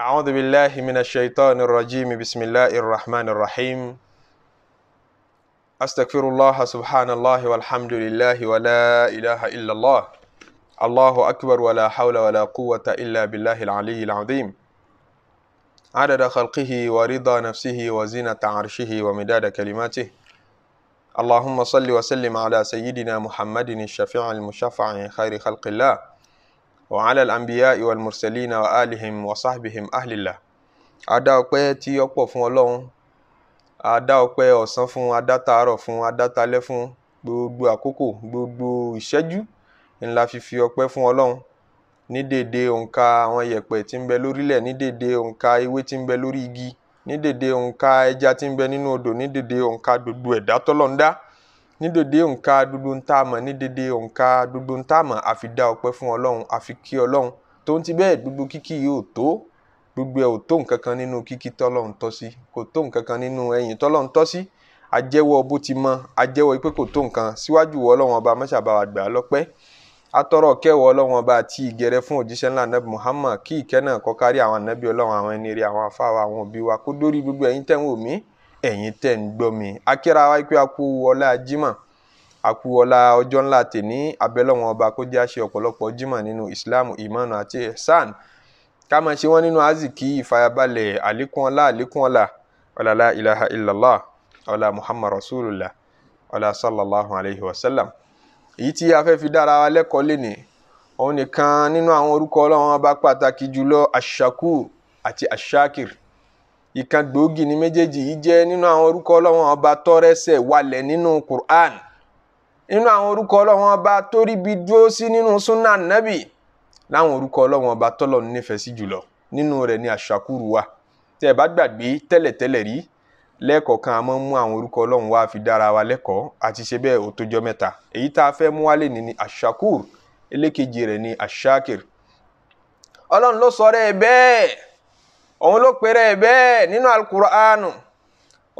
أعوذ بالله من الشيطان الرجيم بسم الله الرحمن الرحيم أستغفر الله سبحان الله والحمد لله ولا إله إلا الله الله أكبر ولا حول ولا قوة إلا بالله العلي العظيم عدد خلقه ورضا نفسه وزينة عرشه ومداد كلماته اللهم صل وسلم على سيدنا محمد الشفيع المشفع خير خلق الله وعلى الأنبياء والمرسلين وآلهم وصحبهم أهل الله adá ọpẹ́ tí ó pọ̀ fún Ọlọ́run adá ọpẹ́ ọ̀sán fún adá tàárọ̀ fún adá talẹ́ fún gbogbo àkókò gbogbo ìṣẹ́jú ńlá fífi ọpẹ́ fún Ọlọ́run ní dèdè òǹkà àwọn yẹ̀pẹ̀ tí ń bẹ lórílẹ̀ ní dèdè òǹkà ewé tí ń bẹ lórí igi ní dèdè òǹkà ẹja tí ń bẹ nínú odò ní dèdè òǹkà gbogbo ẹ̀dá tọ́lọ́run dá ní dèdè òǹkà gbogbo ń tá a mọ̀ ní dèdè òǹkà gbogbo ń tá a mọ̀ àfi dá ọpẹ́ fún ọlọ́run àfi kí ọlọ́run tó ń ti bẹ́ẹ̀ gbogbo kíkì yóò tó gbogbo ẹ̀ ò tó nǹkan kan nínú kíkí tọ́lọ́run tọ́ sí kò tó nǹkan kan nínú ẹ̀yìn tọ́lọ́run tọ́ sí àjẹ́wọ́ bó ti mọ àjẹ́wọ́ pé kò tó nǹkan síwájú wọ ọlọ́run ọba mọ́ṣábà wà gbà lọ́pẹ́ atọrọ kẹwọ ọlọ́run ọba àti ìgẹrẹ fún òjíṣẹ́ ńlá nabi Muhammad kí ìkẹ́ náà kọ́ kárí àwọn ànábì ọlọ́run àwọn ẹni rere àwọn afáwa àwọn òbí wa kó dórí gbogbo ẹ̀yin tẹ́ ń ẹ̀yin tẹ̀ ń gbọ́ mi akíra wa pé a kú ọlá jímọ̀ a kú ọlá ọjọ́ ńlá tèní abẹ́lọ́wọ̀n ọba kó jẹ́ àṣẹ ọ̀pọ̀lọpọ̀ jímọ̀ nínú ìsìláàmù ìmọ̀nà àti ẹ̀sán ká máa ṣe wọ́n nínú azikí ìfàyàbalẹ̀ àlékún ọlá àlékún ọlá ọlá ilaha illallah ọlá muhammad rasulullah ọlá sallallahu alayhi wa sallam èyí tí a fẹ́ fi dára wa lẹ́kọ̀ọ́ lénìí òun nìkan nínú àwọn orúkọ ọlọ́run ọba pàtàkì jùlọ ashakur àti ashakir ìkan gbòógì ní méjèèjì yìí jẹ́ nínú àwọn orúkọ ọlọ́wọ́n ọba tọ́rẹ́sẹ̀ nínú Qur'an nínú àwọn orúkọ ọlọ́wọ́n ọba tó ríbi dúró sí nínú nabi láwọn orúkọ ọlọ́wọ́n ọba tọ́lọ̀ nífẹ̀ẹ́ sí jùlọ nínú rẹ̀ ni ashakuru wa tẹ́ ẹ bá gbàgbé tẹ́lẹ̀tẹ́lẹ̀ rí lẹ́ẹ̀kọ̀ọ̀kan a máa ń mú àwọn orúkọ fi dára wa lẹ́kọ̀ọ́ àti ṣe bẹ́ẹ̀ mẹ́ta èyí tá a fẹ́ ni òun ló pèrè bẹ́ẹ̀ nínú alukur'anu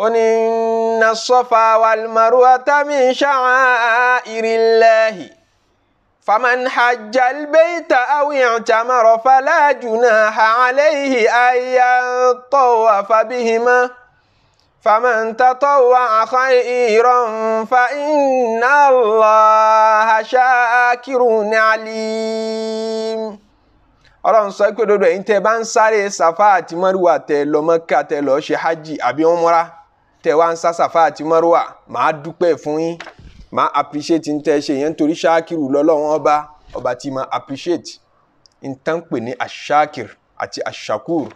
ó ní inna safa wal marwata min sha'airillahi faman hajja albayta aw i'tamara fala junaha alayhi an yatawafa bihima. فمن تطوع خيرا فإن الله شاكر عليم ọlọ́run sọ pé dodo ẹ̀yin tẹ́ bá ń sáré safa àti maruwa tẹ́ lọ Mẹ́kà tẹ́ lọ ṣe hajj àbí umra tẹ́ wá ń sá safa àti maruwa màá dúpẹ́ fún yín màá appreciate ń tẹ́ ṣe yẹn nítorí ṣáàkìrù lọ́lọ́run ọba ọba tí màá appreciate ń tán pè ní aṣáàkìr àti aṣàkùr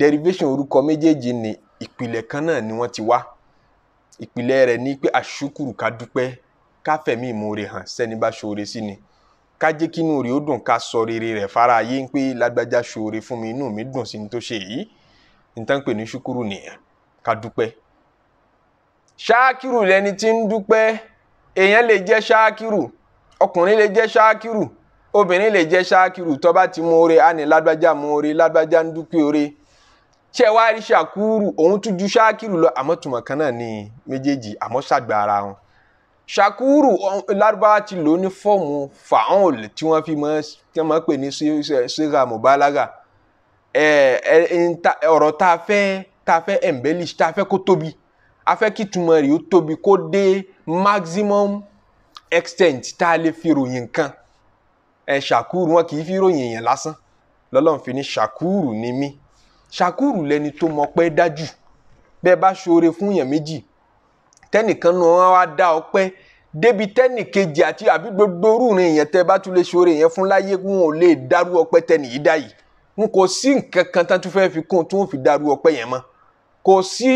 derivation orúkọ méjèèjì ni ìpìlẹ̀ kan náà ni wọ́n ti wá ìpìlẹ̀ rẹ̀ ní pé aṣukùrù ká dúpẹ́ káfẹ̀mí ìmoore hàn sẹ́ni bá ṣoore sí ni ká jẹ́ kí inú rẹ̀ ó dùn ká sọ rere rẹ̀ fara ayé ń pé lágbájá ṣoore fún mi inú mi dùn sí ní tó ṣe yìí níta ń pè ní ṣúkúrú nìyẹn ká dúpẹ́. ṣáàkìrù lẹni tí ń dúpẹ́ èèyàn lè jẹ́ ṣáàkìrù ọkùnrin lè jẹ́ ṣáàkìrù obìnrin lè jẹ́ ṣáàkìrù tó bá ti mú oore á ní lágbájá mú oore lágbájá ń dúpẹ́ oore ṣé wàá rí ṣàkúrù òun tún ju ṣáàkìrù lọ àmọ́ tùmọ̀ kan náà ni méjèèjì àmọ́ ṣàgbà ara wọn ṣakúrù lárúbáwá ti lò ní fọ́ọ̀mù fàáhùn tí wọ́n fi máa pè ní síra mubalaga ọ̀rọ̀ tá a fẹ́ tá a fẹ́ embellish tá a fẹ́ kó tóbi a fẹ́ kí túmọ̀ rẹ̀ ó tóbi kó dé maximum extent tá a lè fi ròyìn nǹkan ẹ ṣakúrù wọn kì í fi ròyìn èèyàn lásán lọ́lọ́run fi ní ṣakúrù ni mí ṣakúrù lẹni tó mọ̀ pé dájú bẹ́ẹ̀ bá ṣoore fún èèyàn méjì tẹ́nìkan nu wọn wá dá ọpẹ́ débi tẹ́nìkejì àti àbí gbogbo orúurin yẹn tẹ́ bá tún lè ṣoore yẹn fún láyé wọn ò lè dárú ọpẹ́ tẹ́nì yìí dá yìí n kò sí nǹkan kan tán fẹ́ fi kún un tún fi dárú ọpẹ́ yẹn mọ́ kò sí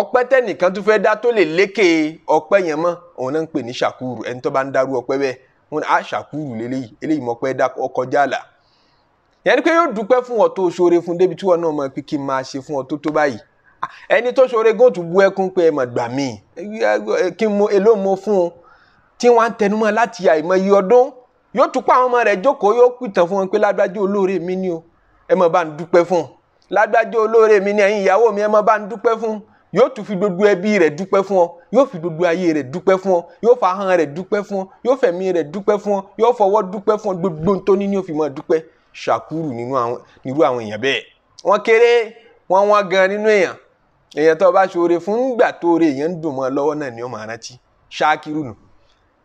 ọpẹ́ tẹ́nìkan tún fẹ́ dá tó lè lékè ọpẹ́ yẹn mọ́ òun náà ń pè ní ṣàkúrù ẹni tó bá ń dárú ọpẹ́ bẹ́ẹ̀ wọn á ṣàkúrù lélẹ́yìí eléyìí mọ̀pẹ́ dá ọkọjá àlà yẹn ni pé yóò dúpẹ́ fún ọ tó ṣoore fún débi tí wọn náà mọ̀ pé kí n máa ṣe fún ọ tó tó báyìí ẹni tó ṣoore góòtù bu ẹkún pé ẹ mọ̀ gbà mí kí mo èló mo fún un tí wọ́n á tẹnumọ́ láti àìmọye ọdún yóò tún pa àwọn ọmọ rẹ̀ jókòó yóò pìtàn fún wọn pé lágbájá olóore mi ni o ẹ bá ń dúpẹ́ fún un lágbájá olóore mi ni ẹ̀yin ìyàwó mi ẹ mọ̀ bá ń dúpẹ́ fún un yóò tún fi gbogbo ẹbí rẹ̀ dúpẹ́ fún ọ yóò fi gbogbo ayé rẹ̀ dúpẹ́ fún ọ yóò fa ahọ́n rẹ̀ dúpẹ́ fún ọ yóò fẹ̀mí rẹ̀ dúpẹ́ fún ọ yóò fọwọ́ dúpẹ́ fún ọ gbogbo tó ní ní òfin mọ́ dúpẹ́ ṣàkúrù nínú àwọn èèyàn bẹ́ẹ̀ wọ́n kéré wọ́n wọ́n gan nínú èèyàn èèyàn tó bá ṣoore fún ńgbà tó re èèyàn ń dùn mọ́ ọ lọ́wọ́ náà ni ó máa rántí ṣáàkírù nù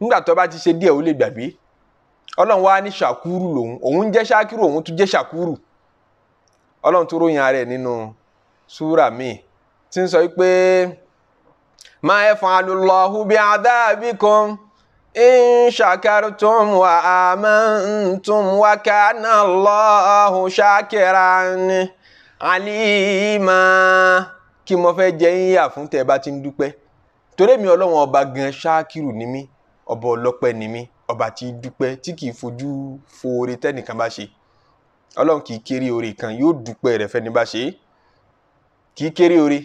ńgbà tó bá ti ṣe díẹ̀ ó lè gbàgbé ọlọ́run wá ní ṣàkúrù lòun òun jẹ́ ṣáàkírù òun tún jẹ́ ṣàkúrù ọlọ́run tó ròyìn ara ẹ̀ nínú súrà míì tí ń sọ pé ma yaf'alullahu bi'adhabikum in shakartum wa amantum wa kana Allahu shakiran alima. kí mo fẹ́ jẹ yín yà fún tẹ́ ẹ bá ti ń dúpẹ́ torí mi ọlọ́run ọba gan ṣáàkìrù ni mí ọba ọlọ́pẹ́ ni mí ọba tí ń dúpẹ́ tí kì í fojú fo oore tẹ́nìkan bá ṣe ọlọ́run kì í kéré oore kan yóò dúpẹ́ rẹ̀ fẹ́ni bá ṣe kì kéré oore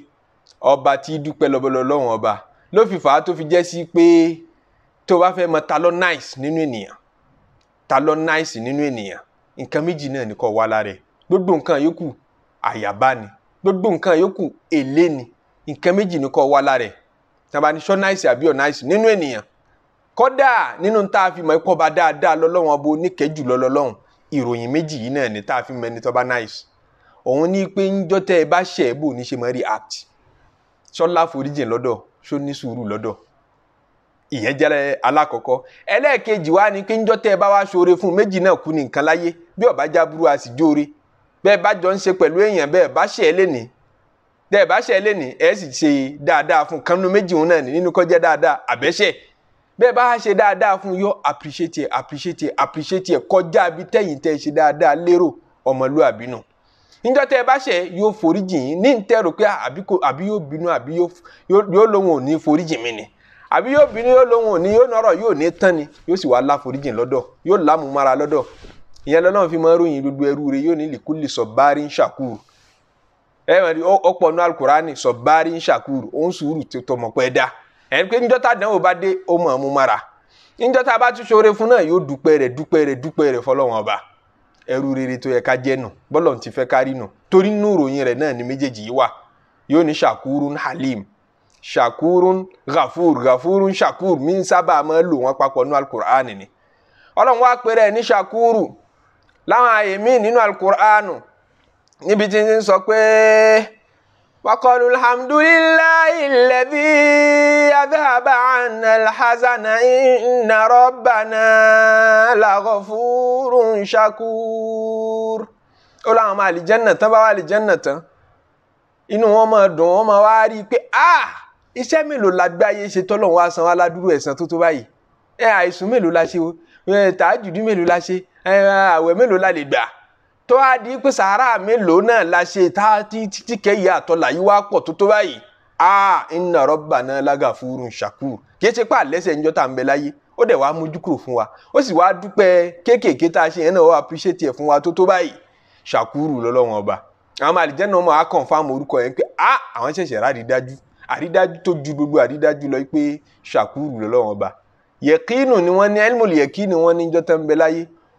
ọba tí dúpẹ́ lọ́bọ̀lọ́ ọba ló fi fàá tó fi jẹ́ sí pé tó bá fẹ́ mọ ta ló nice nínú ènìyàn ta ló nice nínú ènìyàn nǹkan méjì náà ni kò wá lára ẹ̀ gbogbo nǹkan yòókù àyàbá ni gbogbo nǹkan yòókù èlé ni nǹkan méjì ni kò wá lára ẹ̀ tàbá ní ṣọ́náìsì àbí ọ̀náìsì nínú ènìyàn kódà nínú tá a fi mọ̀ ikọ́ bá dáadáa lọ́lọ́run ọba oníkẹ́jù lọ́lọ́run ìròyìn méjì yìí náà ni tá a fi mọ̀ ẹni tó bá náìsì òun ní pé ńjọ́ tẹ́ ẹ bá ṣẹ̀ bò ní ṣe mọ́ react ṣọ́lá foríjìn lọ́dọ̀ ṣó ní sùúrù lọ́dọ̀ ìyẹn jẹ́ alákọ̀ọ́kọ́ ẹlẹ́ẹ̀kejì wá ni pé ńjọ́ tẹ́ ẹ bá wá ṣoore fún méjì náà kú ní nǹkan láyé bí ó bá a sì jóore bẹ́ẹ̀ bá jọ ń ṣe pẹ̀lú èèyàn bẹ́ẹ̀ bá ṣe é lénìí bẹ́ẹ̀ bá ṣe é lénìí ẹ̀ sì ṣe dáadáa fún kánú méjì òun náà nínú kọjá dáadáa àbẹ́ṣẹ̀ bẹ́ẹ̀ bá ṣe dáadáa fún yọ appreciate ẹ̀ appreciate ẹ̀ kọjá bí tẹ̀yìn tẹ̀ ṣe dáadáa lérò ọmọlúwàbí nù níjọ́ tẹ́ ẹ bá ṣẹ̀ yóò foríjì yín ní ntẹ́rò pé àbí yóò bínú àbí yóò lóhun ò ní foríjì mi ni àbí yóò bínú yóò lóhun ò ní yóò nọ̀rọ̀ yóò ní tán ni yóò sì wá láforíjì lọ́dọ̀ yóò lámùmára lọ́dọ̀ ìyẹn lọ́nà fi máa ròyìn gbogbo ẹrú rẹ̀ yóò ní lìkúlì sọ̀bárì ń ṣàkúrù ẹ mọ̀ ní ọ̀pọ̀ ní alukurani sọ̀bárì ń ṣàkúrù òun sùúrù tó tọmọ̀ pẹ́ dá ẹ̀ ń pé níjọ́ta dánwò bá dé ó mọ̀ ọ́n mara níjọ́ta bá tún ṣoore fún náà yóò dúpẹ́ rẹ̀ dúpẹ́ rẹ̀ dúpẹ́ rẹ̀ fọlọ́wọ́n ọba ẹrú rere tó yẹ ká jẹ́ nù bọ́lọ̀ ti fẹ́ kárí nù torí nínú ìròyìn rẹ̀ náà ni méjèèjì yìí wà yóò ní ṣàkúrún halim ṣàkúrún ghafur ghafurun ṣàkúr mí sábà máa lò wọ́n papọ̀ ní alukur'an ni ọlọ́run wá pé ní ṣàkúrù láwọn àyè míì nínú alukur'anu níbi tí ń sọ pé wakọlu alhamdulilayi lẹbi adahaba ana alhazana ina rọbana lagọfurun shakur ó láwọn ọmọ àlìjẹ́nà tán bá wà àlìjẹ́nà tán inú wọn máa dùn wọn máa wá rí i pé ah iṣẹ́ mélòó la gbé ayé ṣe tọ́lọ́run wá san wá ládùúrú ẹ̀san tó tó báyìí àìsùn mélòó la ṣe o mélòó la ṣe àwẹ̀ mélòó la lè gbà tó a di pé sàárà mélòó náà la ṣe tá títí kẹ́yìí àtọ́là yìí wá pọ̀ tó tó báyìí aa inna rabbana lagafurun shakur kì í ṣe pé àlẹ́sẹ̀ ń jọ́ta ń bẹ láyé ó dẹ̀ wá mójú kúrò fún wa ó sì wá dúpẹ́ kéékèèké tá a ṣe yẹn náà ó appreciate ẹ̀ fún wa tó tó báyìí shakuru lọ́lọ́wọ́n ọba àwọn àlìjẹ́ náà máa confirm orúkọ yẹn pé a àwọn ṣẹ̀ṣẹ̀ rà àrídájú àrídájú tó ju gbogbo àrídájú lọ pé shakuru lọ́lọ́wọ́n ọba yẹ̀kínù ni wọ́n ní elmul yẹ̀kínù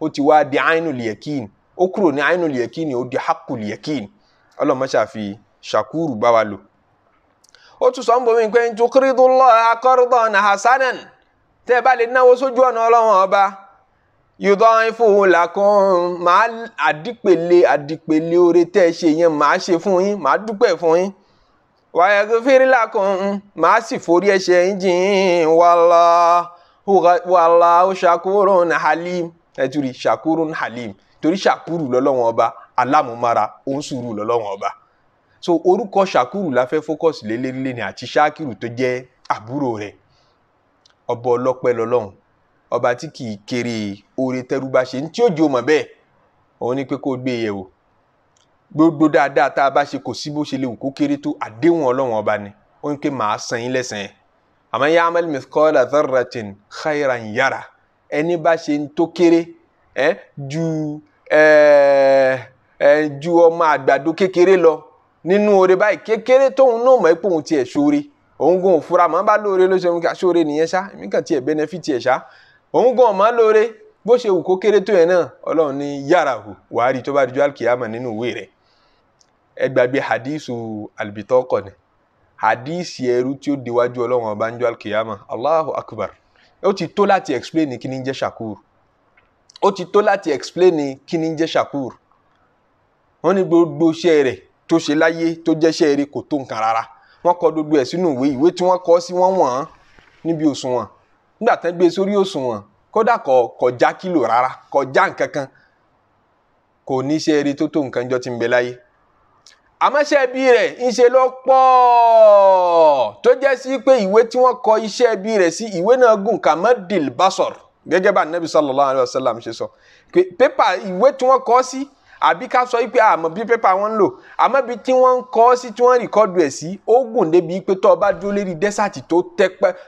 ó ti wá di ainul yakin ó kúrò ní ainul yakin ó di hakul yakin ọlọ́mọ ṣàfi ṣàkúrù bá wa lò. ó tún sọ ń bomi pé tuqridullaha qardan hasanan tẹ́ ẹ bá lè náwó sójú ọ̀nà ọlọ́run ọba yudaifu lakum màá àdìpèlè àdìpèlè oore tẹ́ ẹ ṣe yẹn màá ṣe fún yín màá dúpẹ́ fún yín wayaghfir lakum màá sì forí ẹ̀ṣẹ̀ yín jìn wallahu wallahu shakurun halim ẹ tún rí shakurun halim torí shakuru lọ́lọ́wọ́n ọba alámúmára òun sùúrù lọ́lọ́wọ́n ọba so orúkọ shakuru la fẹ́ fókọ̀sì lélẹ́lẹ́ ni àti shakiru tó jẹ́ àbúrò rẹ̀ ọba ọlọ́pẹ́ lọ́lọ́hún ọba tí kì í kéré oore tẹ́rú bá ṣe ní tí ó jẹ́ òmọ̀ bẹ́ẹ̀ òun ni pé kó gbé e yẹ̀wò gbogbo dáadáa tá a bá ṣe kò sí bó ṣe lè wù kó kéré tó àdéhùn ọlọ́wọ́n ọba ni ó ní pé màá san yín lẹ́sàn-án àmọ́ ya'mal mithqala dharratin khayran yara ẹni bá ṣe ń tó kéré ẹ ju ẹ ẹ ju ọmọ àgbàdo kékeré lọ nínú oore báyìí kékeré tóun náà mọ̀ ẹ́ pòun tiẹ̀ ṣoore òun gan òfura màá bá lóore ló ṣe ká ṣoore nìyẹn ṣá èmi kàn tiẹ̀ benefit tiẹ̀ ṣá òun gan ọ̀mọ́ lóore bó ṣe wù kó kéré tó yẹn náà ọlọ́run ní yàrá hù wàá rí tó bá dojú àlùkìyàmà nínú ìwé rẹ̀ ẹ gbàgbé hadithu albitọ́kọ̀ ni hadith ẹrú tí ó déwájú ọlọ́run ọba ń jọ àlùkìyàmà Allahu akbar ó ti tó láti explain kí ni ń jẹ́ shakur ó ti tó láti explain kí ni ń jẹ́ shakur wọ́n ní gbogbo iṣẹ́ rẹ̀ tó ṣe láyé tó jẹ́ iṣẹ́ rẹ̀ kò tó nǹkan rárá wọ́n kọ gbogbo ẹ̀ sínú ìwé ìwé tí wọ́n kọ sí wọ́n wọ̀n án níbi òṣùwọ̀n nígbà tán gbé e sórí òṣùwọ̀n kódà kò kọjá kílò rárá kọjá nǹkan kan kò ní iṣẹ́ rẹ̀ tó tó nǹkan jọ ti ń bẹ láyé àmọ́ṣẹ́ ibi rẹ̀ ń ṣe ló pọ̀ tó jẹ́ sí pé ìwé tí wọ́n kọ iṣẹ́ ibi rẹ̀ sí ìwé náà gùn kàmọ́dìl basor gẹ́gẹ́ bá nẹ́bí sallallahu alaihi wasallam ṣe sọ pépà ìwé tí wọ́n kọ sí àbí ká sọ pé àmọ́ bí pépà wọn ń lò àmọ́ bí tí wọ́n ń kọ sí tí wọ́n rìkọ́dù ẹ̀ sí ó gùn débi pé tó o bá dúró lérí dẹ́sàtì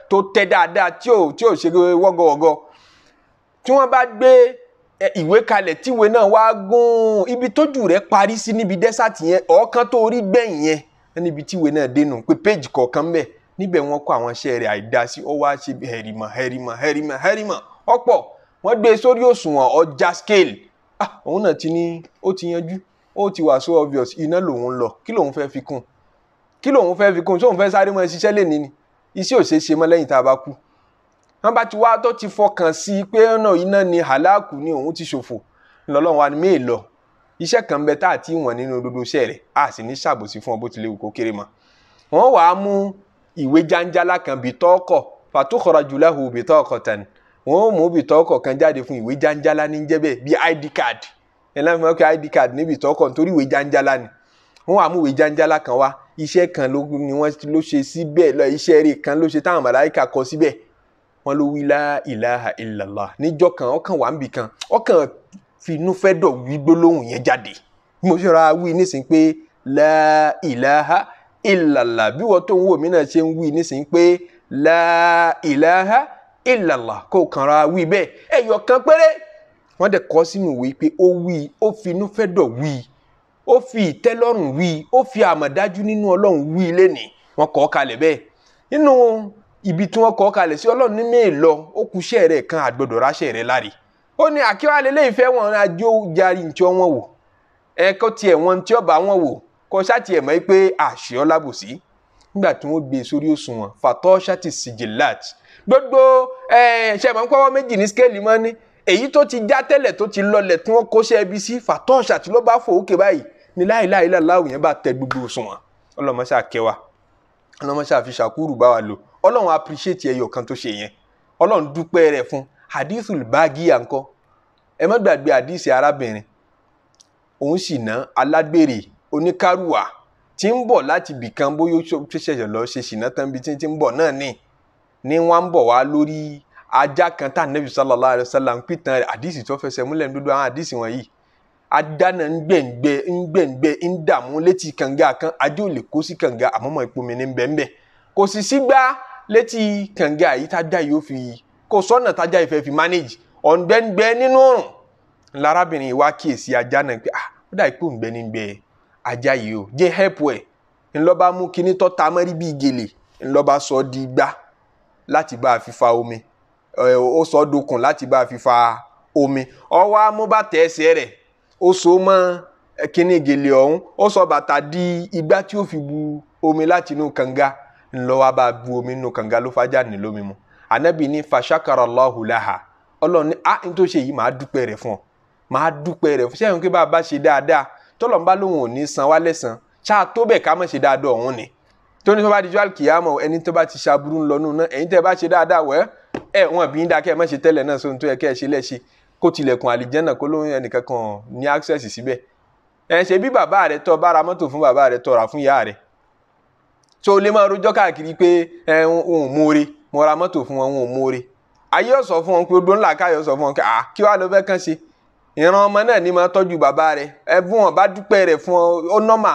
tó tẹ́ dáadáa tí ò ṣe wọ́gọ́wọ́gọ́ tí wọ́n bá gbé ìwé kalẹ̀ tíwé náà wá gùn ibi tójú rẹ̀ parí sí níbi dẹ́sàtì yẹn ọ̀ọ́kán tó rí gbẹ̀yìn yẹn níbi tíwé náà dénú pé péjì kọ̀ọ̀kan bẹ́ẹ̀ níbẹ̀ wọ́n kọ́ àwọn iṣẹ́ rẹ̀ àìdásí ó wá ṣe hẹ̀rìmọ̀ hẹ̀rìmọ̀ hẹ̀rìmọ̀ hẹ̀rìmọ̀ ọ̀pọ̀ wọ́n gbé e sórí òṣùwọ̀n ọjà scale ah òun náà ti ní ó ti yanjú ó ti wà so obvious iná lòun lọ kí lòun fẹ́ fi kún kí lòun fẹ́ fi kún sóun fẹ́ sáré mọ́ ṣiṣẹ́ lè ní ni iṣẹ́ òṣèṣe mọ́ lẹ́yìn tá a bá kú wọn bá ti wá tó ti fọkàn sí i pé ọ̀nà iná ni hàlákù ni òun ti ṣòfò lọ́lọ́run wa ni méè lọ iṣẹ́ kan bẹ tá a ti wọ̀n nínú dodo iṣẹ́ rẹ̀ a sì ní ṣàbòsí fún ọ bó ti léwu kó kéré mọ́ wọn wàá mú ìwé jáńjálá kan bìtọ́ọ̀kọ̀ fàtúkọ̀rọ̀ jùlọ́hù bìtọ́ọ̀kọ̀ tán wọn ò mú bìtọ́ọ̀kọ̀ kan jáde fún ìwé jáńjálá ní jẹ́bẹ̀ bíi id card ẹ̀ láti mọ̀ pé id card ní bìtọ́ọ̀kọ̀ nítorí ìwé jáńjálá ni wọn wàá mú ìwé jáńjálá kan wá iṣẹ́ kan ló ṣe síbẹ̀ lọ iṣẹ́ rẹ̀ kan ló ṣe táwọn màláìka kọ síbẹ̀ wọn ló wí la ilaha illallah níjọ́ kan ọkàn wà ń bì kan ọkàn finú fẹ́ dọ̀ wí gbólóhùn yẹn jáde mo ṣọra wí nísìnyí pé la ilaha illallah bí wọ́n tó ń wò mí náà ṣe ń wí nísìnyí pé la ilaha illallah kó ra wí bẹ́ẹ̀ ẹ̀yọ̀ kan péré wọ́n dẹ̀ kọ́ sínú ìwé pé ó wí ó finú fẹ́ dọ̀ wí ó fi ìtẹ́lọ́rùn wí ó fi àmọ̀dájú nínú ọlọ́run wí lẹ́nìí wọ́n kọ́ kalẹ̀ bẹ́ẹ̀ nínú ibi tí wọ́n kọ́ kalẹ̀ sí ọlọ́run ní mẹ́ẹ̀ lọ ó kú iṣẹ́ rẹ̀ kan àgbọ̀dọ̀ ráṣẹ́ rẹ̀ láre ó ní àkíwálé lè fẹ́ wọn ajó jarí ntí wọn wò ẹ̀kọ́ tiẹ̀ wọn ntí ọba wọn wò kọ́ sátì ẹ̀ mọ́ pé àṣẹ ọlábòsí nígbà tí wọ́n gbé sórí òṣùwọ̀n fatọ́ sátì sijilat gbogbo ṣe mọ̀ ń pọ́wọ́ méjì ní skéèlì mọ́ ní èyí tó ti já tẹ́lẹ̀ tó ti lọlẹ̀ tí wọ́n kó sẹ́ẹ̀bí sí fatọ́ sátì ló bá fò ókè báyìí ní láìláìláìláwò yẹn bá tẹ gbogbo òṣùwọ̀n ọlọ́mọṣà kẹwàá ọlọ́mọṣà fi ṣàkúrù bá wa lò ọlọ́run appreciate ẹyọ kan tó ṣe yẹn ọlọ́run dúpẹ́ rẹ̀ fún hadithul bagiya ńkọ́ ẹ má gbàgbé hadithi arábìnrin òun sì ná alágbèrè oníkárùwà tí ń bọ̀ láti bìkan bóyá ó ṣẹ̀ṣẹ̀ lọ ṣe ṣìnà tán bí tí ń bọ̀ ni ni wọ́n ń bọ̀ wá lórí ajá kan tá nẹ́bí ń pìtàn tó fẹsẹ̀ múlẹ̀ ń dúdú àwọn kan ò lè kó sí kànga àmọ́mọ́ létí kànga yìí tájà yìí ó fi kò sọ́nà tájà yìí fi manage ọ̀ngbẹ́ngbẹ́ nínú ọ̀rùn lárábìnrin wa kíyèsí ajá náà pé ah ó dà pé òǹgbẹ́ ní gbẹ ajá yìí o jẹ́ help ẹ̀ ńlọ́ba mú kinní tọ́ ta mọ́rí bíi gèlè ńlọ́ba sọ di gbá láti bá a fi fa omi ó sọ dokùn láti bá a fi fa omi ọwọ́ amúbàtẹ́ ẹsẹ̀ rẹ̀ ó so mọ́ kinní gèlè ọ̀hún ó sọ bàtà di igbá tí ó fi bu omi láti inú kànga ńlọ́wọ́ bá bu omi nù kànga ló fàjà ní lómi mu anabi ní fàṣàkàrà Allahu laha ọlọ́run ní a ah, ní tó ṣe yìí màá dúpẹ́ rẹ̀ fún ọ màá dúpẹ́ rẹ̀ fún sẹ́yìn kí bá a bá ṣe dáadáa tọ́lọ̀ ń bá lóun ò ní san wá lẹ́sàn ṣáà tó bẹ̀ ká mọ̀ ṣe dáadáa ọ̀hún ni tó ní tó bá di jọ́ àkìyàmọ̀ ẹni tó bá ti ṣàbùrú ńlọ nù náà ẹ̀yin tẹ́ bá ṣe dáadáa wẹ́ ẹ̀ wọ́n bí ń dá kẹ́ ẹ má ṣe tẹ́lẹ̀ náà sóhun tó yẹ kẹ́ ẹ ṣe lẹ́ṣe kó tilẹ̀kùn so o lè máa rojọ́ káàkiri pé ẹ òun mòore mo ra mọ́tò fún wọn òun mòore ayé ọ̀sọ̀ fún wọn pé odò ńlá káyọ̀ sọ fún wọn kí wàá ló fẹ́ kàn ṣe ìran ọmọ náà ni máa tọ́jú bàbá rẹ̀ ẹbùn wọn bá dúpẹ́ rẹ̀ fún ọ nọ́mà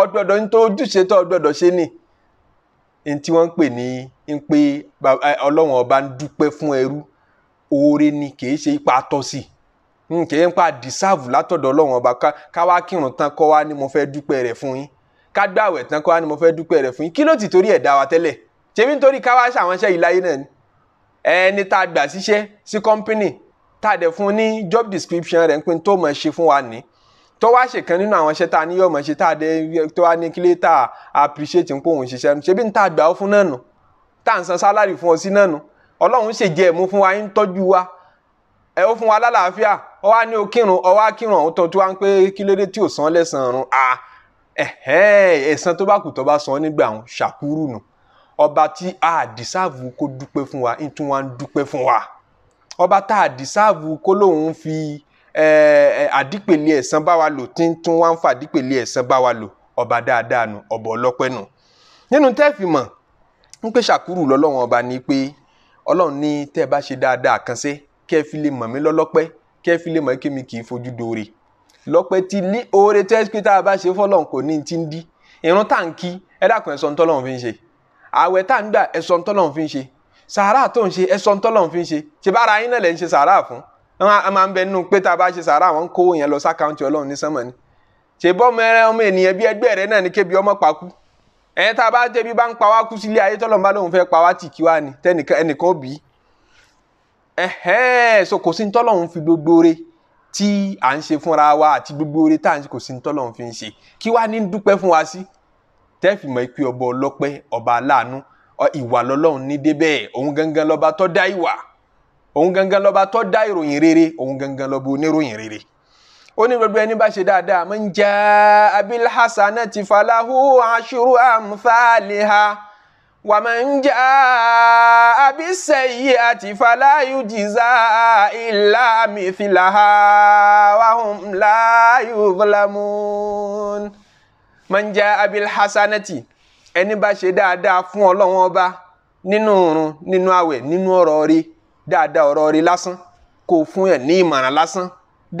ọgbọ́dọ̀ ní tó ojúṣe tó ọgbọ́dọ̀ ṣe ni ní tí wọ́n ń pè ní ń pé ọlọ́run ọba ń dúpẹ́ fún ẹrú oore ni kì í ṣe ipa àtọ́sí kì í ń pa dìsáàvù látọ̀dọ̀ ọlọ́run ọba káwá kírun tán kọ́ wá ni mo fẹ́ dúpẹ́ rẹ̀ fún yín ká gbàwẹ̀ tán kó wá ni mo fẹ́ dúpẹ́ rẹ̀ fún yín kí ló ti torí ẹ̀ dá wa tẹ́lẹ̀ tèmi nítorí ká wá ṣàwọn iṣẹ́ yìí láyé náà ni ẹni tá a gbà síṣẹ́ sí kọ́ńpínì tá a dẹ̀ fún ní job description rẹ̀ ń pin tó mọ̀ ṣe fún wa ní tó wá ṣèkan nínú àwọn iṣẹ́ tá a ní yọ̀ mọ̀ ṣe tá a dẹ̀ tó wá ní kílé tá a appreciate ń pò òun ṣiṣẹ́ ṣebí ń tá a gbà ó fún náà nù tá à ń san sálárì fún ọ sí náà nù ọlọ́run ṣèjẹ́ ẹ̀mú fún wa ń tọ́jú wa ẹ ó fún wa lálàáfíà ọ ní o kírun kírun ọ̀hún tó tó wá ń pé kí tí ò san lẹ́sàn-án rún à ẹ̀san tó bá kù tó bá san nígbà wọn ṣàkúrù nù ọba tí a dìsáàbù kó dúpẹ́ fún wa ń tún wá ń dúpẹ́ fún wa ọba tá a dìsáàbù kó lóun fi àdípèlé ẹ̀san bá wa lò tí ń tún wá ń fa àdípèlé ẹ̀san bá wa lò ọba dáadáa nù ọ̀bọ̀ ọlọ́pẹ́ nù nínú tẹ́ẹ̀fì mọ̀ ń pè ṣàkúrù lọ́lọ́run ọba ni pé ọlọ́run ní tẹ́ ẹ bá ṣe dáadáa kan ṣe kẹ́ ẹ fi lè mọ̀ mí lọ́lọ́pẹ́ kẹ́ ẹ fi lè mọ̀ kí mi kì í fojú doore lọ́pẹ́ tí ní oore tẹ́ pé tá a bá ṣe fọ́lọ́n kò ní ti ń dí irun tá à ń kí ẹ dákun ẹ̀sọ́ ntọ́lọ́run fi ń ṣe ààwẹ̀ tá à ń gbà ẹ̀sọ́ ntọ́lọ́run fi ń ṣe sàárà tó ń ṣe ẹ̀sọ́ ntọ́lọ́run fi ń ṣe ṣe bára yín náà lẹ́ ń ṣe sàárà fún wọn máa ń bẹ nínú pé tá a bá ṣe sàárà wọn kó yẹn lọ sákàǹtì ọlọ́run ní sánmọ̀ ni ṣe bọ́ mẹ́rẹ́ ọmọ ènìyàn bí ẹgbẹ́ rẹ náà ní kébi ọmọ pakú ẹ̀yẹn tá a bá débi bá ń pa wá kú sílé ayé tọ́lọ́run bá lóun fẹ́ ni tẹ́nìkan ẹnìkan ó bì í ẹ̀hẹ́n so kò sí ní tọ́lọ́run fi gbogbo re tí à ń ṣe fúnra wa àti gbogbo oore tá à ń ṣe kò sí ní tọ́lọ́run fi ń ṣe kí wàá ní dúpẹ́ fún wa sí tẹ́ẹ̀fì mọ̀ pé ọba ọlọ́pẹ́ ọba aláàánú ìwà lọ́lọ́run ní débẹ̀ òun gangan lọ́ba tó dá ìwà òun gangan lọ́ba tó dá ìròyìn rere òun gangan lọ́ba oníròyìn rere ó ní gbogbo ẹni bá ṣe dáadáa man jaa abil hasanati falahu ashru amthaliha. ومن جاء بالسيئة فلا يجزى إلا مثلها وهم لا يظلمون من جاء بالحسنة ẹni bá ṣe dáadáa fún ọlọ́wọ́n ọba nínú oorun nínú àwẹ̀ nínú ọ̀rọ̀ rí dáadáa ọ̀rọ̀ rí lásán kò fún ẹ̀ ní ìmọ̀ràn lásán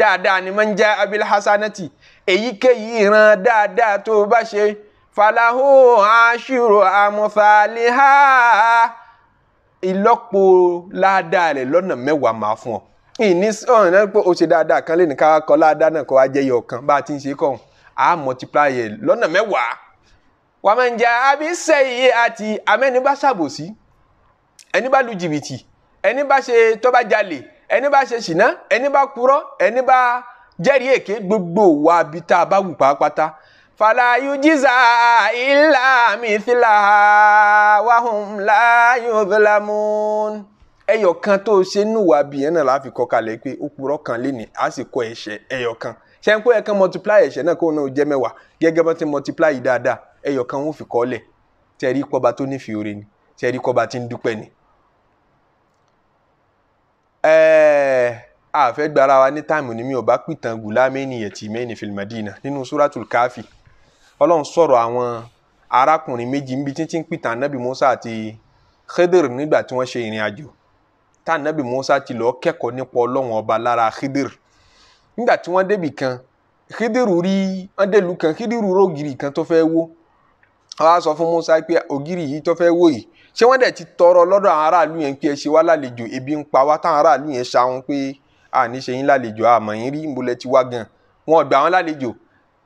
dáadáa ni man jaa abil hasanati èyíkéyìí ìran dáadáa tó o bá ṣe falahu ashiru amúsàlíhà ìlọ́po ládàá rẹ̀ lọ́nà mẹ́wàá máa fún ọ ìní ọ̀rìn náà pé o ṣe dáadáa kan lè ní ká kọ́ ládàá náà kó wá jẹ́ yọ̀ kan bá a ti ń ṣe kọ́ á multiply ẹ̀ lọ́nà mẹ́wàá wà máa ń jẹ abíṣẹ́ iye àti amẹ́ni bá ṣàbòsí ẹni bá lu jìbìtì ẹni bá ṣe tó bá jalè ẹni bá ṣe ṣìná ẹni bá purọ́ ẹni bá jẹ́rìí èké gbogbo wa bí tá a bá wù pàápàá fàlàyé jíza ilà mìfìlà wàhùn láàyò bẹlámùn. ẹyọ kan tó ṣe nù wá bí yẹn náà láfi kọ kalẹ̀ pé ó purọ́ kan lé ní àsìkò ẹ̀ṣẹ̀ ẹyọ kan ṣe ń pé ẹ̀kan multiply ẹ̀ṣẹ̀ náà kóun náà jẹ́ mẹ́wàá gẹ́gẹ́ bá ti multiply yìí dáadáa ẹyọ kan ó fi kọ́ lẹ̀ tẹ̀rí kọba tó nífi oore ni tẹ̀rí kọba tí ń dúpẹ́ ni. ẹ̀ẹ́ àfẹ́ gbára wa ní táìmù ni mi ò bá pìtàn gùlámẹ́ni ẹ̀tì mẹ́ni fil Madina nínú Suratul Kafi ọlọ́run sọ̀rọ̀ àwọn arákùnrin méjì níbi títí ń pìtàn anábì musa àti khidir nígbà tí wọ́n ṣe ìrìn àjò tá anábì musa ti lọ kẹ́kọ̀ọ́ nípa ọlọ́run ọba lára khidir nígbà tí wọ́n débì kan khidir rí ọ̀ndẹ̀lù kan khidir rògiri kan tó fẹ́ wó wọ́n á sọ fún musa pé ògiri yìí tó fẹ́ wó yìí ṣé wọ́n dẹ̀ ti tọrọ lọ́dọ̀ àwọn aráàlú yẹn pé ẹ ṣe wá lálejò ebi ń pa wá táwọn aráàlú yẹn ṣàwọn pé àníṣe yín lálejò àmọ́ yín rí ìmúlẹ̀ ti wá gan wọn ò gbà wọn lálejò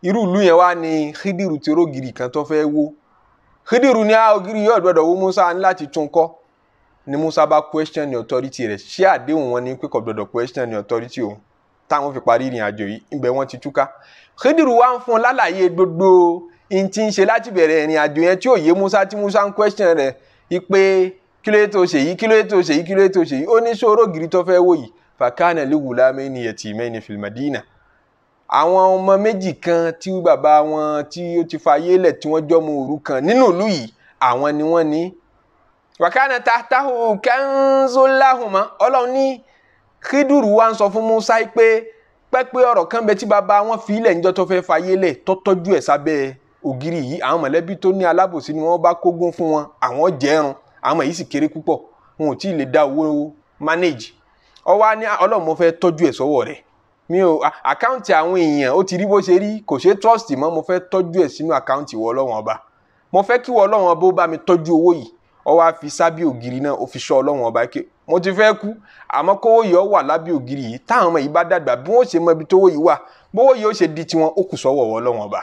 irú ìlú yẹn wá ní Khidiru ti ró gìrì kan tó fẹ́ wó Khidiru ní àgìrì yóò gbọdọ̀ wó Musa ní láti tún kọ́ ni Musa bá question ní authority rẹ̀ ṣé àdéhùn wọn ni pé kò gbọdọ̀ question ní authority òun táwọn fi parí ìrìn àjò yìí ibẹ̀ wọ́n ti túká Khidiru wá ń fún lálàyé gbogbo n ti ń ṣe láti bẹ̀rẹ̀ ìrìn àjò yẹn tí ò yé Musa tí Musa ń question rẹ̀ ipe kí ló yẹ tó ṣe yìí kí ló yẹ tó ṣe yìí kí ló ó ní sóró gírí tó fẹ́ wò yìí fàkánà lè wù lámẹ́ni ẹ̀tì mẹ́ni fìlmàdínà àwọn ọmọ méjì kan tí bàbá wọn tí ó ti fayé lẹ̀ tí wọ́n jọmọ òrukàn nínú ìlú yìí àwọn ni wọ́n ní. wàkàna tahtahu kanzul lahuma ọlọ́run ní Khiduru wa ń sọ fún Musa pé pẹ́pẹ́ ọ̀rọ̀ kan bẹ tí bàbá wọn fi ilẹ̀ níjọ́ tó fẹ́ fayé lẹ̀ tó tọ́jú ẹ̀ sábẹ́ ògiri yìí àwọn mọ̀lẹ́bí tó ní alábòsí ni wọ́n bá kógun fún wọn àwọn jẹ́run àwọn yìí sì kéré púpọ̀ wọn ò tí ì lè dá owó manage ọwọ́ á ní ọlọ́run mo fẹ́ tọ́jú ẹ̀ sọ́wọ́ rẹ̀ mi ò àkáǹtì àwọn èèyàn ó ti rí bó ṣe rí kò ṣeé trust mọ́ mo fẹ́ tọ́jú ẹ̀ sínú àkáǹtì wọ ọlọ́wọ́n ọba mo fẹ́ kí wọ ọlọ́wọ́n ọba ó bá mi tọ́jú owó yìí ó wá fi sábì ògiri náà ó fi ṣọ́ ọlọ́wọ́n ọba ké mo ti fẹ́ kú àmọ́ kówó yìí ó wà lábẹ́ ògiri yìí táwọn ọmọ yìí bá dàgbà bí wọ́n ṣe mọ ibi tówó yìí wà bówó yìí ó ṣe di tiwọn ó kù sọ́wọ́ wọ ọlọ́wọ́n ọba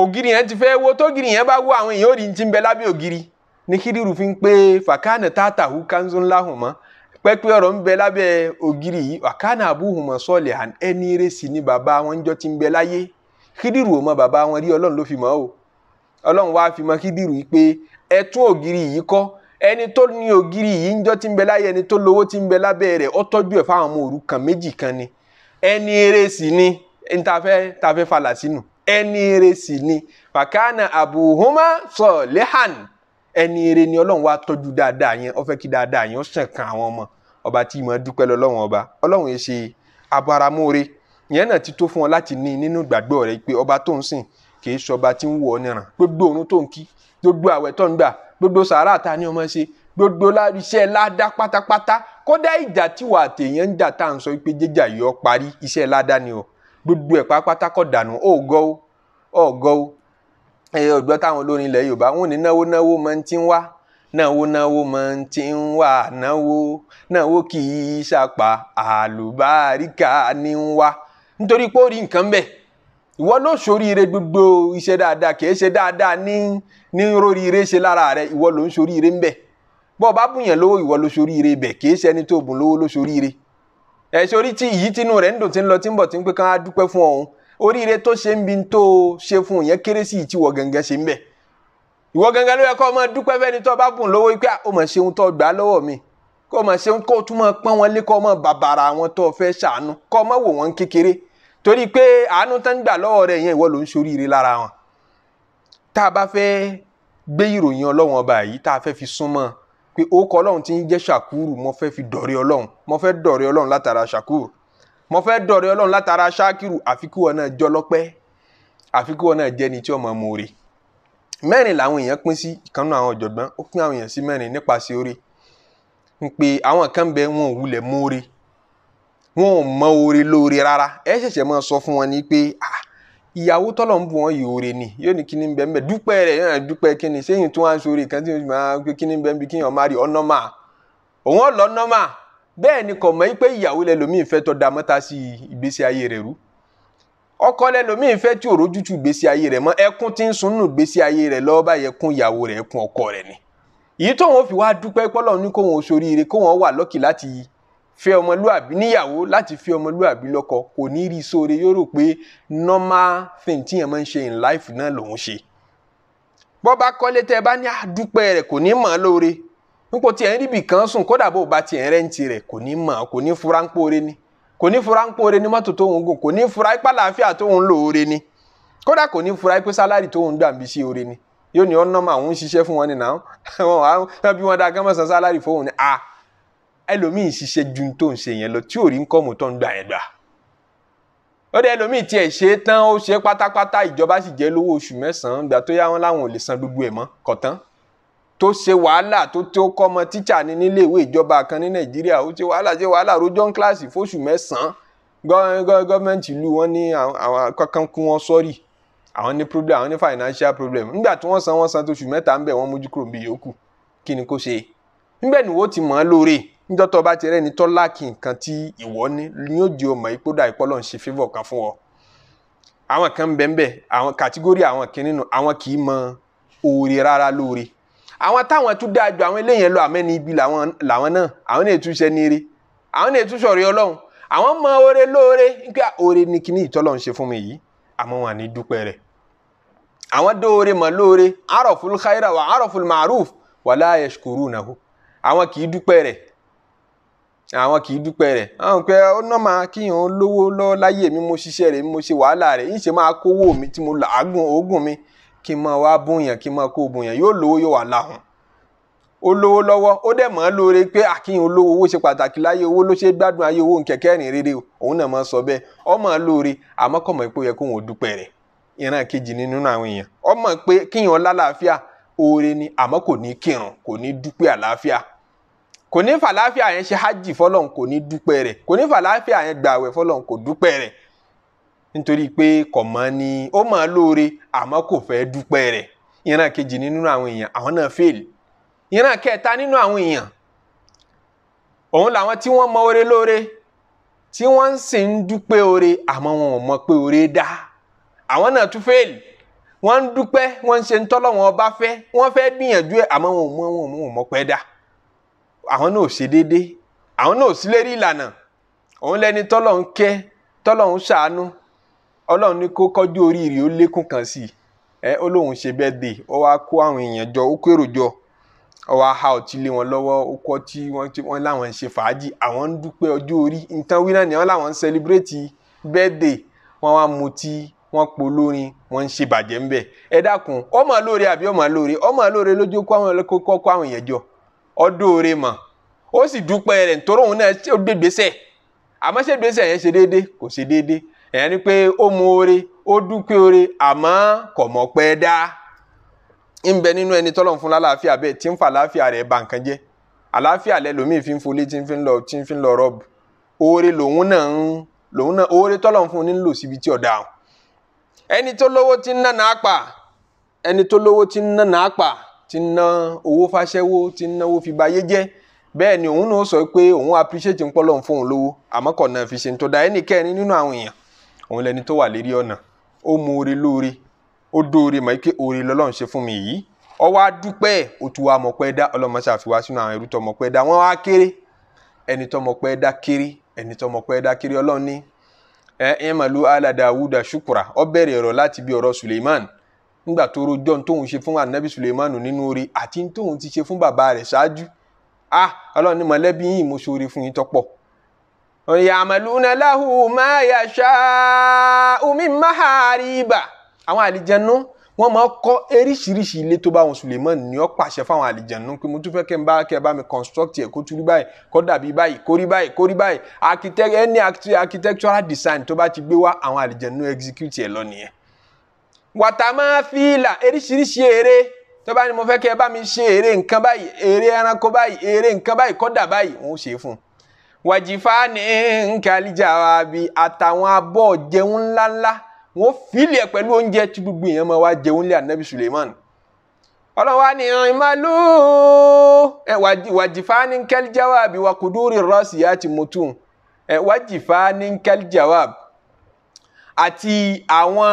ògiri yẹn ti fẹ́ wo tógiri yẹn bá wo àwọn èèyàn ó rí ti ń bẹ lábẹ́ ògiri ní kídìrú fi ń pé fàkánà táàtàhù kánzó ńlá hùn mọ́ pẹ́pẹ́ ọ̀rọ̀ ń bẹ lábẹ́ ògiri yìí wàkánà abúhùmọ̀ sọ́ọ̀lì hàn ẹni eré sí ni bàbá wọn jọ ti ń bẹ láyé kídìrú ò mọ bàbá wọn rí ọlọ́run ló fi mọ̀ o ọlọ́run wá fi mọ kídìrú yìí pé ẹ tún ògiri yìí kọ́ ẹni tó ní ògiri yìí ń jọ ti ń bẹ láyé ẹni tó lówó ti ń bẹ lábẹ́ rẹ̀ ó tọ́jú ẹ̀ fáwọn ọmọ òrukàn méjì kan ni ẹni eré sí ni ntàfẹ́ tàfẹ́ falà sínú ẹni eré sí ni wàkánà abúhùmọ̀ sọ́ọ̀lì hàn ẹni eré ni ọlọ́run wá tọ́jú dáadáa yẹn ó fẹ́ kí dáadáa yẹn ó sàn kan àwọn ọmọ ọba tí ìmọ̀ dúpẹ́ lọ́lọ́run ọba ọlọ́run yẹn ṣe abaramóore yẹn náà ti tó fún ọ láti ní nínú ìgbàgbọ́ rẹ pé ọba tó ń sìn kì í ṣọba tí ń wọ ọ nìràn gbogbo òun tó ń kí gbogbo àwẹ̀ tó ń gbà gbogbo sàárà ta ni ọmọ ṣe gbogbo iṣẹ́ ládá pátápátá kódà ìjà tí wà tèèyàn ń jà tá à ń sọ pé jẹ́jà yìí parí iṣẹ́ ládá ni o gbogbo ẹ̀ pátápátá dànù ó gọ́ ee táwọn olórin ilẹ̀ yorùbá wọn ni ní náwó náwó máa ń ti ń wá náwó náwó máa ń ti ń wá náwó náwó kì í ṣàpà àlùbáríkà ń wá nítorí pé ó rí nǹkan gbogbo iṣẹ́ dáadáa kì í ṣe dáadáa ní ní róríire ṣe lára rẹ ìwọ ló ń ṣoríire ń bẹ̀ bọ́ ọ bá lówó ìwọ ló ṣoríire kì ṣe ẹni tó bùn lówó ló ṣoríire ṣorí tí ìyí ń dùn ń lọ oríire tó ṣe ń bi tó ṣe fún ìyẹn kérésì tí wọ gẹ́gẹ́ ṣe ń bẹ ìwọ gẹ́gẹ́ ló yẹ kó máa dúpẹ́ fẹ́ni tó bá bùn lówó pé ó máa ṣeun tó gbà lọ́wọ́ mi kó máa ṣeun kó tún máa pọ́n wọn lé kó máa bàbàrà àwọn tó fẹ́ ṣàánú kó máa wò wọ́n kékeré torí pé àánú tó ń gbà lọ́wọ́ rẹ̀ yẹn ìwọ ló ń ṣoríire lára wọn tá a bá fẹ́ gbé ìròyìn ọlọ́run ọba yìí tá a fẹ́ fi súnmọ́ pé ó kọ́ ọlọ́run ti ń jẹ́ ṣàkúrù mo fẹ́ fi dọ̀rẹ́ ọlọ́run mo fẹ́ dọ̀rẹ́ ọlọ́run látara ṣàkúrù mo fẹ́ dọ̀rẹ́ ọlọ́run látara ṣáàkìrù àfikúwọ náà jọ lọ́pẹ́ àfikúwọ náà jẹ́ni tí ọmọ mo rè mẹ́rin làwọn èèyàn pín sí ìkànnù àwọn ọ̀jọ̀gbọ́n ó pín àwọn èèyàn sí mẹ́rin nípasẹ̀ oore ń pe àwọn kan bẹ wọn ò wulẹ̀ mọ oore wọn ò mọ oore lóore rárá ẹ ṣẹ̀ṣẹ̀ máa sọ fún wọn ni pé ìyàwó tọ́lọ̀ ń bù wọ́n yìí oore ni yóò ní kíni bẹ́ẹ̀ dúpẹ́ rẹ̀ yóò dúpẹ́ kíni sẹ́yìn tí wọ́n á sọ oore kan tí wọ́n máa ń pe kíni bẹ́ẹ̀ bí kíni ọ̀ bẹ́ẹ̀ ni kò mọ̀ pé ìyàwó lẹ́lòmíì fẹ́ tọ́ da mọ́ta sí ìgbésí ayé rẹ̀ rú ọkọ lẹ́lòmíì fẹ́ tí òró jújù ìgbésí ayé rẹ̀ mọ́ ẹkún tí ń sunnù ìgbésí ayé rẹ̀ lọ́wọ́ báyìí ẹkún ìyàwó rẹ̀ ẹkún ọkọ rẹ̀ ni èyí tó wọn fi wá dúpẹ́ pọ́lọ́ ní kó wọn ṣoríire kó wọn wà lọ́kì láti fẹ́ ọmọlúàbí níyàwó láti fẹ́ ọmọlúàbí lọ́kọ kò ní rí sóore yóò rò pé normal thing tíyẹn máa ń ṣe in life náà lòún ṣe bọ́ bá kọ́lé tẹ́ bá ní àdúpẹ́ ah, rẹ̀ kò ní mọ̀ ọ́ nípò tí ẹ̀ ń ríbi kan sùn kódà bó ba tiẹ̀ rẹ́ǹtì rẹ̀ kò ní mọ̀ kò ní fura ń pòore ni kò ní fura ń pòore ni mọ́tò tó ń gùn kò ní fura ipá làáfíà tó ń lò oore ni kódà kò ní fura pé sálárì tó ń gbàǹbí sí oore ni yóò ní ọ̀nà mà ń ṣiṣẹ́ fún wọn ni náà wọn á bí wọn da gán mọ̀sán sálárì fóun ni a ah, ẹlòmíì ṣiṣẹ́ ju tó ń ṣe yẹn lọ tí ò rí ń kọ́ mọ́tò ń gbà yẹn gbà ó dé ẹlòmíì tiẹ̀ ṣe é tán ó ṣe pátápátá ìjọba sì jẹ́ lówó oṣù mẹ́sàn-án gbà tó tó ṣe wàhálà tó tó kọ́mọ tíṣà ni níléèwé ìjọba kan ní nàìjíríà ó ṣe wàhálà ṣe wàhálà rojọ́ ń kíláàsì fóṣù mẹ́sàn-án gọ́ọ̀mẹ̀ntì ìlú wọn ní àwọn kankan kún wọn sọ́rí àwọn ní problem àwọn ní financial problem nígbà tí wọ́n san wọ́n san tóṣù mẹ́ta ń bẹ̀ wọ́n mójú kúrò bí yòókù kí ni kò ṣe níbẹ̀ ni wọ́n ti mọ̀ ọ́ lóore níjọ́ tó ti rẹ́ni tó láàkì nǹkan tí ìwọ ní ni yóò di ọmọ ìpódà ìpọ́lọ̀ ń ṣe favour kan fún ọ àwọn kan bẹ́ẹ̀ bẹ́ẹ̀ àwọn kàtígórì àwọn kìíní nù àwọn kì í mọ oore rárá lóore àwọn táwọn tún dáa ju àwọn eléyẹn lọ àmẹ́ni ibi làwọn náà àwọn náà tún ṣe ní eré àwọn náà tún sọ̀rọ̀ ọlọ́run àwọn mọ oore lóore nígbà oore ni kíní ìtọ́lọ̀ ń ṣe fún mi yìí àmọ́ wọn ní dúpẹ́ rẹ̀ àwọn dóore mọ̀ lóore arọ̀ful khaira wa arọ̀ful maruf wà láàyè ṣukuru nàhó àwọn kì dúpẹ́ rẹ̀ àwọn kì dúpẹ́ rẹ̀ àwọn pé ó kíyàn lówó lọ láyé mi mo ṣiṣẹ́ rẹ̀ mo ṣe wàhálà rẹ̀ ń ṣe máa kówó mi tí mo làágùn oògùn mi kí n máa wá bùnyàn kí n máa kó bùnyàn yóò lówó yóò wà láhùn ó lówó lọ́wọ́ ó dẹ̀ mọ́ lóore pé àkíyàn olówó owó ṣe pàtàkì láyé owó ló ṣe gbádùn ayé owó nkẹ̀kẹ́ rìn rere òun náà máa sọ bẹ́ẹ̀ ọmọ lóore àmọ́ kò mọ̀ pé ó yẹ kóun ò ìran kejì nínú àwọn èèyàn ọmọ pé kíyàn ni àmọ́ kò ní kírun kò ní àlàáfíà kò ní fàlàáfíà yẹn ṣe fọlọ́n kò ní kò ní fàlàáfíà yẹn fọlọ́n nítorí pé kọ̀ mọ́ ni ó máa lóore àmọ́ kò fẹ́ dúpẹ́ rẹ̀ ìran kejì nínú àwọn èèyàn àwọn náà fail ìran kẹta nínú àwọn èèyàn òun làwọn tí wọ́n mọ oore lóore tí wọ́n ń sìn ń dúpẹ́ oore àmọ́ wọn ò mọ pé oore dá àwọn náà tún fail wọ́n ń dúpẹ́ wọ́n ń ṣe ń tọ́lọ́ wọn ọba fẹ́ wọ́n fẹ́ gbìyànjú ẹ̀ àmọ́ wọn ò mọ wọn ò mọ pẹ́ dá àwọn náà ò ṣe déédéé àwọn náà ò sí lérí ìlànà òun lẹni tọ́lọ́ ń kẹ́ tọ́lọ́ ń ṣàánú ọlọ́run ní kó kọ́jú oríire ó lékún kan sí ẹ ó lóun ṣe bẹ́ẹ̀ dé wá kó àwọn èèyàn jọ ó èrò jọ wá ha ọtí lé wọn lọ́wọ́ ó tí wọ́n láwọn ṣe fàájì àwọn ń dúpẹ́ ọjọ́ orí nǹkan wí náà ni wọ́n láwọn ń wọ́n wá wọ́n wọ́n ń ṣe bàjẹ́ ẹ dákun ọmọ lóore àbí ọmọ lóore ọmọ oore ó sì dúpẹ́ náà gbèsè ẹni pé ó mu oore ó dúpẹ́ oore àmọ́ kò mọ̀ pẹ́ dá ń bẹ nínú ẹni tọ́lọ̀ fún bẹ́ẹ̀ tí ń fa àlàáfíà rẹ̀ bà nǹkan jẹ́ àlàáfíà lẹ lòmíì fi tí ń fi lọ tí ń fi ń oore lòun náà ń lòun náà oore tọ́lọ̀ fún ní lò síbi ọ̀dà àwọn ẹni tó lówó ti ń ná náà ẹni tó lówó ti ń ná náà pa ń ná owó fáṣẹ́wó ti ń náwó òun lẹni tó wà lérí ọ̀nà ó mu oore lóore ó dóore mọ̀ pé oore lọ́lọ́run ṣe fún mi yìí ọwọ́ adúpẹ́ òtún wa mọ̀pẹ́ dá ọlọ́mọ ṣàfiwá sínú àwọn ẹrú tọmọpẹ́ dá wọ́n á kéré ẹni tọmọpẹ́ dá kéré ẹni tọmọpẹ́ dá kéré ọlọ́run ní ẹ ẹ màlú ala Dawuda shukura ó bẹ̀rẹ̀ ọ̀rọ̀ láti bí ọ̀rọ̀ Suleiman nígbà tó rojọ́ tóun ṣe fún anabi Suleiman nínú oore àti tóun ti ṣe fún bàbá rẹ̀ ṣáájú ah ọlọ́run ní mọ̀lẹ́bí yìí mo ṣoore fún yín tọ́pọ̀ yàmàlúnà láhù máa yàṣà omi mahariba àwọn àlìjẹnú wọn máa kọ́ eríṣiríṣi ilé tó bá wọn Suleiman ní ọ pàṣẹ fáwọn àlìjẹnú pé mo tún fẹ́ kẹ́ ń bá kẹ́ bá mi construct ẹ̀ kó túrí báyìí kó dàbí báyìí kó báyìí kó báyìí architect architectural design tó bá ti gbé wá àwọn àlìjẹnú execute ẹ̀ lọ nìyẹn wàtàmáfíìlà eríṣiríṣi eré tó bá ní mo fẹ́ kẹ́ bá mi ṣe eré nǹkan báyìí eré ẹranko báyìí eré nǹkan báyìí kódà báyìí wọn ò ṣe é fún un wàjìfáàní nkàlíjàwábi àtàwọn abọ́ jẹun ńláńlá wọ́n fìlì ẹ̀ pẹ̀lú oúnjẹ tí gbogbo èèyàn máa wá jẹun lé ànábì Suleiman ọlọ́run wa ní ìmàlú ẹ wàjìfáàní nkàlíjàwábi wàkùdúrì rọ́ọ̀sì yá ti mú tún ẹ wàjìfáàní nkàlíjàwábi àti àwọn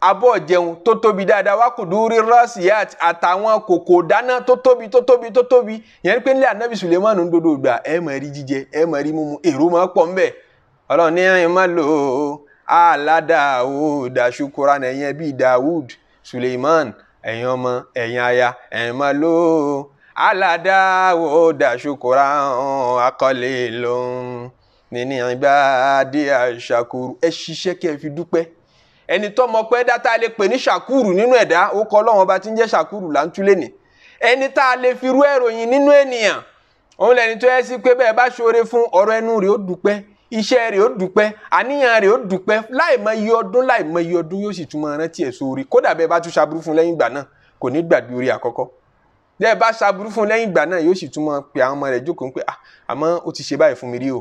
abọ́ jẹun tó tóbi dáadáa wá kò dúró rọ́ọ̀sìyàt àtàwọn kòkò dáná tó tóbi tó tóbi tó tóbi yẹn pé nílé anabi suleiman ń dodo gbà ẹ máa rí jíjẹ ẹ máa rí mímu èrò máa pọ̀ ńbẹ̀ ọlọ́run ní ẹ̀yin má lò ó aládàáwòd àṣukura ẹ̀yin ẹbí dawud suleiman ẹ̀yin ọmọ ẹ̀yin aya ẹ̀yin má lò ó aládàáwòd àṣukura akọ́lé nínú ìgbà dé àṣàkóru ẹ ṣiṣẹ́ kí ẹ fi dúpẹ́ ẹni tó mọ pé dá tá a lè pè ní ṣàkúrù nínú ẹ̀dá ó kọ ọlọ́run ọba tí ń jẹ́ ṣàkúrù là ni ẹni tá a lè fi rú ẹ̀ròyìn nínú ènìyàn òun lẹni tó yẹ sí pé bẹ́ẹ̀ bá ṣoore fún ọ̀rọ̀ ẹnu rẹ̀ ó dúpẹ́ iṣẹ́ rẹ̀ ó dúpẹ́ àníyàn rẹ̀ ó dúpẹ́ láìmọ iye ọdún láìmọ iye ọdún yóò sì túmọ̀ rántí ẹ̀ sóore kódà bẹ́ẹ̀ bá tún ṣaburú fún lẹ́yìn ìgbà náà kò ní gbàgbé orí àkọ́kọ́ bẹ́ẹ̀ bá ṣaburú fún lẹ́yìn ìgbà náà yóò sì túmọ̀ pé àwọn ọmọ rẹ̀ jókòó pé ah, àmọ́ ó ti ṣe báyìí fún mi rí o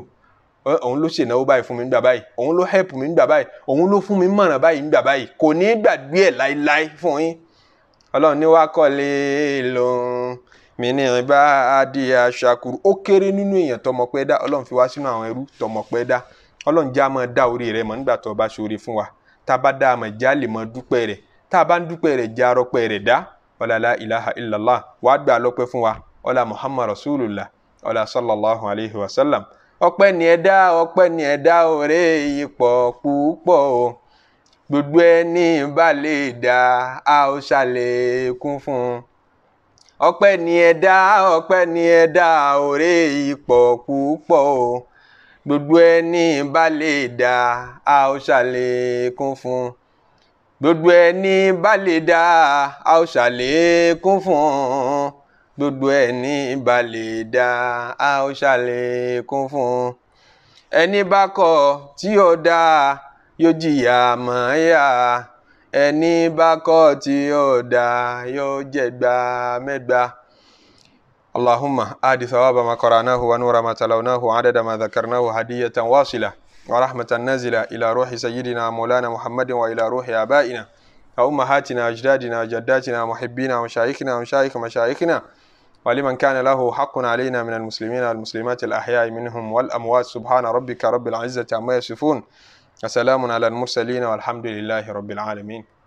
òun ló ṣènáwó báyìí fún mi nígbà báyìí òun ló help mi nígbà báyìí òun ló fún mi mọ̀ràn báyìí nígbà báyìí kò ní gbàgbé ẹ̀ láéláé fún yín ọlọ́run ní wàá kọ́lé lòun mi ní ìbá adé aṣakuru ó kéré nínú èèyàn tọmọpẹ́ dá ọlọ́run fi wá sínú àwọn ẹrú tọmọpẹ́ dá ọlọ́run já máa dá orí rẹ mọ̀ nígbà tó o bá ṣoore wa tá a bá dá a mọ̀ já lè mọ dúpẹ́ rẹ̀ tá a bá ń dúpẹ́ wa sallallahu alayhi wa ọpẹ́ ni ẹ dá ọpẹ́ ni ẹ dá òré ipò púpọ̀ o gbogbo ẹni bá lè dá a ó ṣàlékún fún un ọpẹ́ ni ẹ dá ọpẹ́ ni ẹ dá òré ipò púpọ̀ o gbogbo ẹni bá lè dá a ó ṣàlékún fún un gbogbo ẹni bá lè dá a ó ṣàlékún fún un gbogbo ẹ̀ ní balẹ̀ dá a ó ṣàlékún fún un ẹni bá kọ̀ tí ó dá yóò jìyà mọ́ yá ẹni bá kọ̀ tí ó dá yóò jẹ̀gbà mẹ́gbà. اللهم آد ثواب ما قرأناه ونور ما تلوناه عدد ما ذكرناه هدية واصلة ورحمة نازلة إلى روح سيدنا مولانا محمد وإلى روح آبائنا وأمهاتنا أجدادنا جداتنا محبينا مشايخنا ومشايخ مشايخنا ولمن كان له حق علينا من المسلمين والمسلمات الأحياء منهم والأموات سبحان ربك رب العزة عما يصفون وسلام على المرسلين والحمد لله رب العالمين